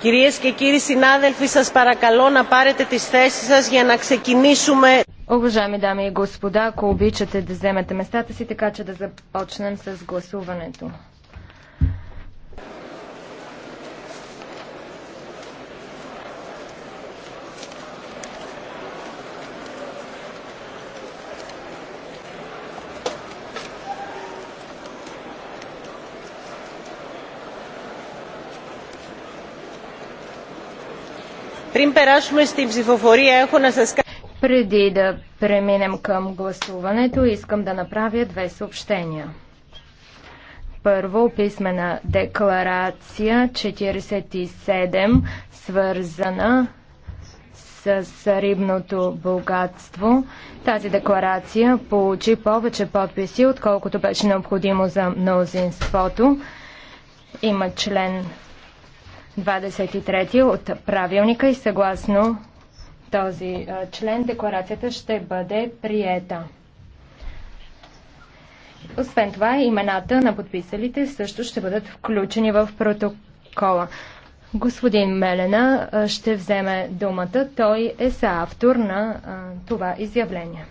Κυρίες και κύριοι συνάδελφοι, σας παρακαλώ να πάρετε τις θέσεις σας για να ξεκινήσουμε. Уважаеми дами и господа, ако обичате да вземете местата си, така че да започнем с гласуването. Преди да преминем към гласуването, искам да направя две съобщения. Първо, писмена декларация 47, свързана с рибното богатство. Тази декларация получи повече подписи, отколкото беше необходимо за мнозинството. Има член 23 от правилника и съгласно този член декларацията ще бъде приета. Освен това, имената на подписалите също ще бъдат включени в протокола. Господин Мелена ще вземе думата. Той е съавтор на това изявление.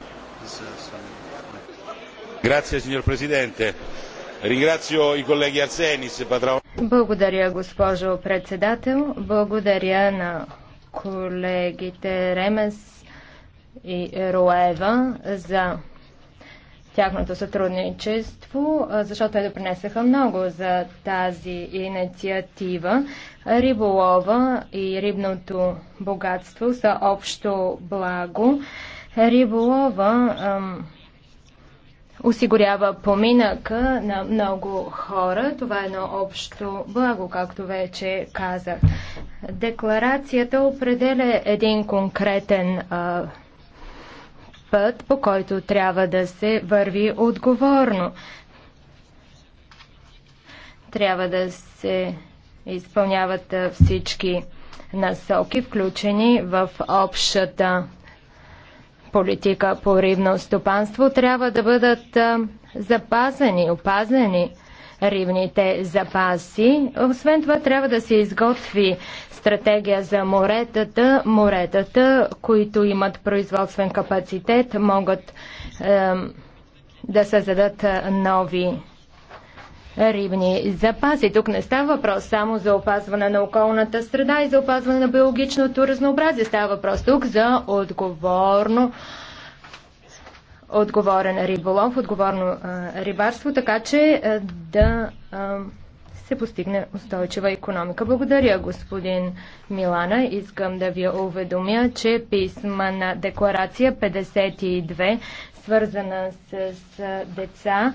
Grazie, signor президенте. Благодаря, госпожо председател. Благодаря на колегите Ремес и Роева за тяхното сътрудничество, защото те допринесаха много за тази инициатива. Риболова и рибното богатство са общо благо. Риболова осигурява поминъка на много хора. Това е едно общо благо, както вече казах. Декларацията определя един конкретен а, път, по който трябва да се върви отговорно. Трябва да се изпълняват всички насоки, включени в общата политика по ривно стопанство трябва да бъдат запазени, опазени ривните запаси. Освен това трябва да се изготви стратегия за моретата. Моретата, които имат производствен капацитет, могат е, да създадат нови рибни запаси. Тук не става въпрос само за опазване на околната среда и за опазване на биологичното разнообразие. Става въпрос тук за отговорно отговорен риболов, отговорно а, рибарство, така че а, да а, се постигне устойчива економика. Благодаря, господин Милана. Искам да ви уведомя, че писма на декларация 52, свързана с, с деца,